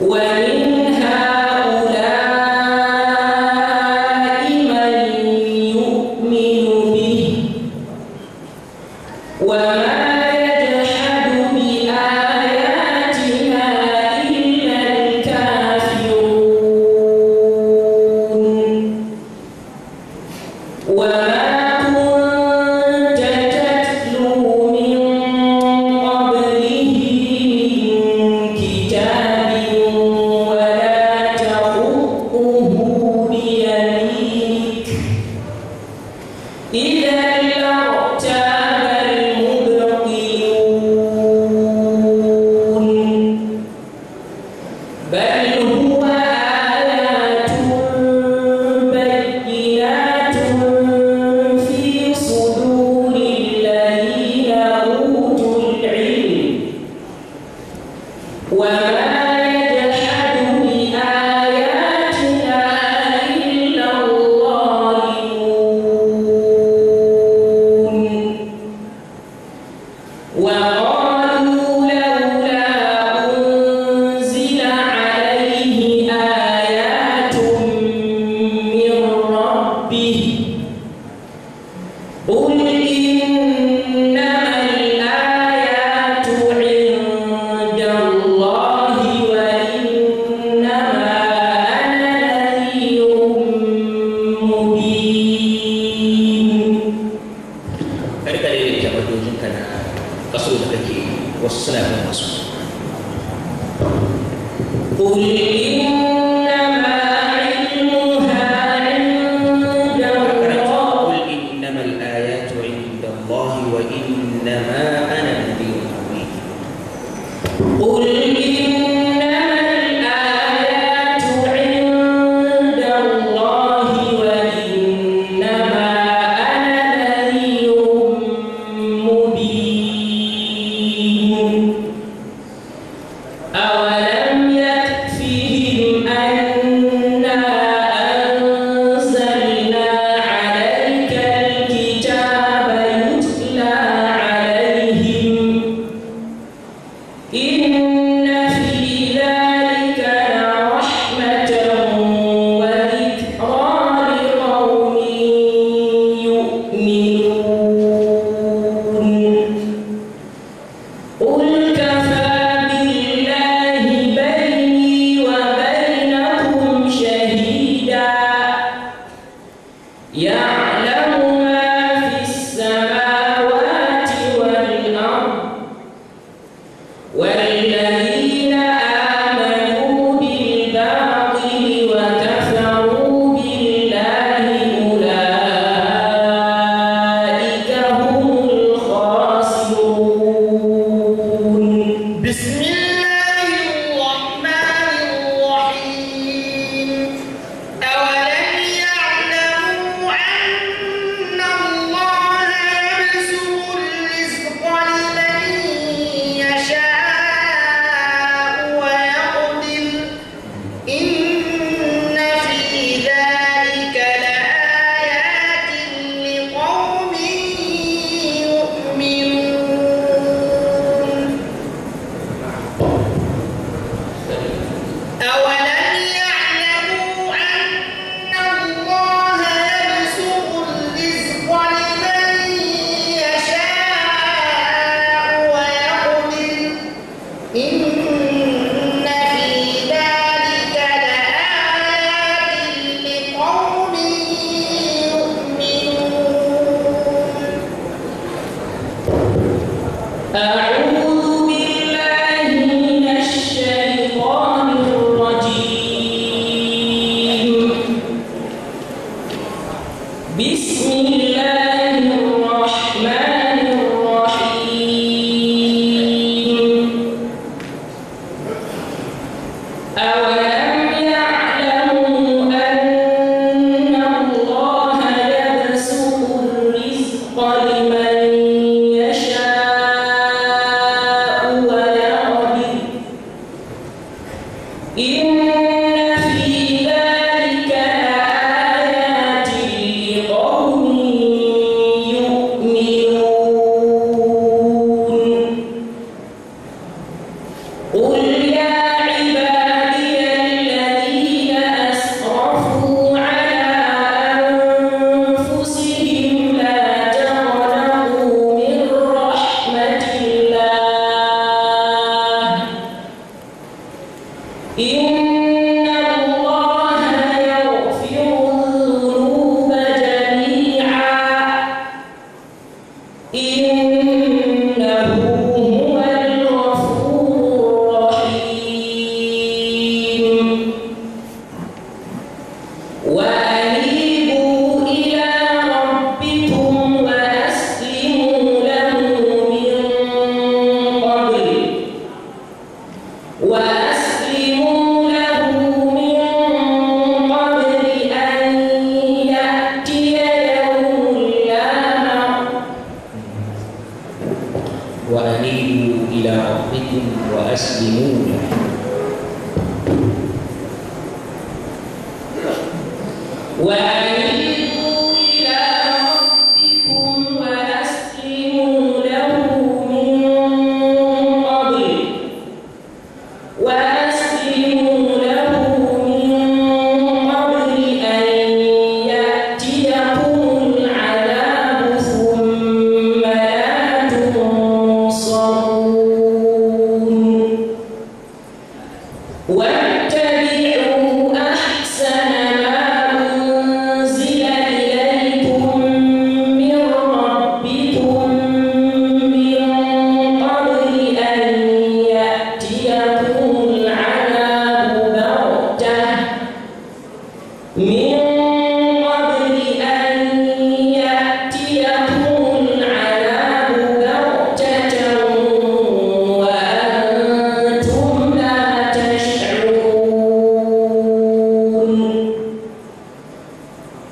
喂。Olá, wassalamu alaikum warahmatullahi wabarakatuh. بسم الله وأنيبوا إلى ربكم وأسلموا له وأن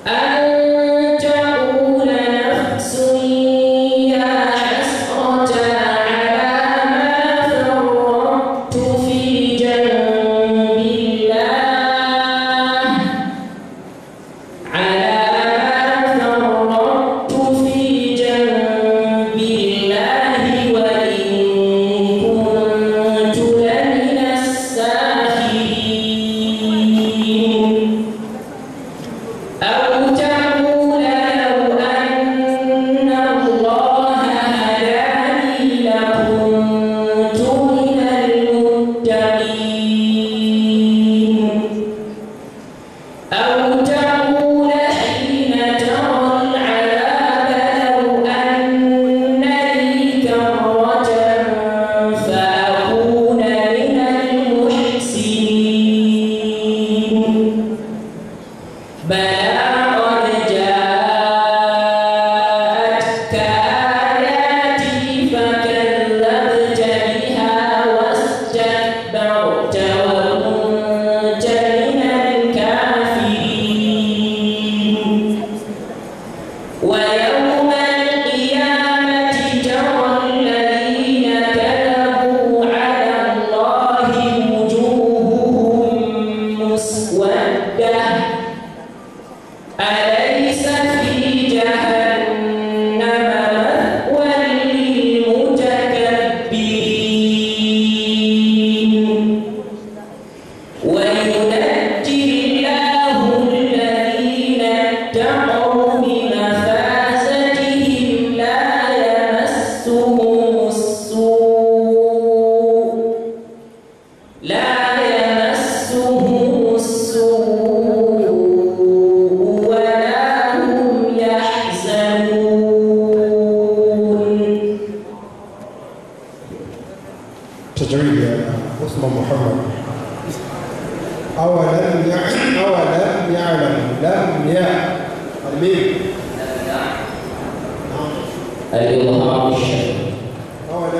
And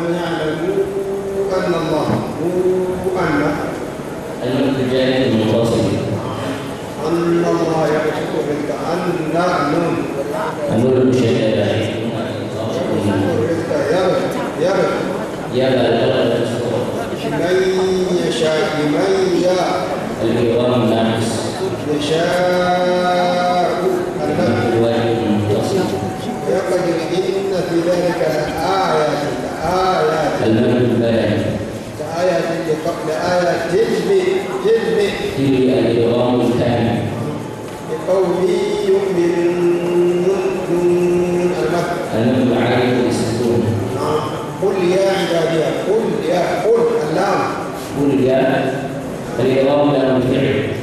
أن يعلموا أن الله هو أن أن التجارة المتواصلة أن الله يمسك بك أن نعلم أن الشهادة يبل يبل من يشاء من يشاء الكرام ناقص يشاء لآية تجبي تجبي تجبي الإدغام التام لقوم يؤمنون ألم عليه السكون نعم. قل يا عبادي قل يا قل اللام قل يا الإدغام لام فعل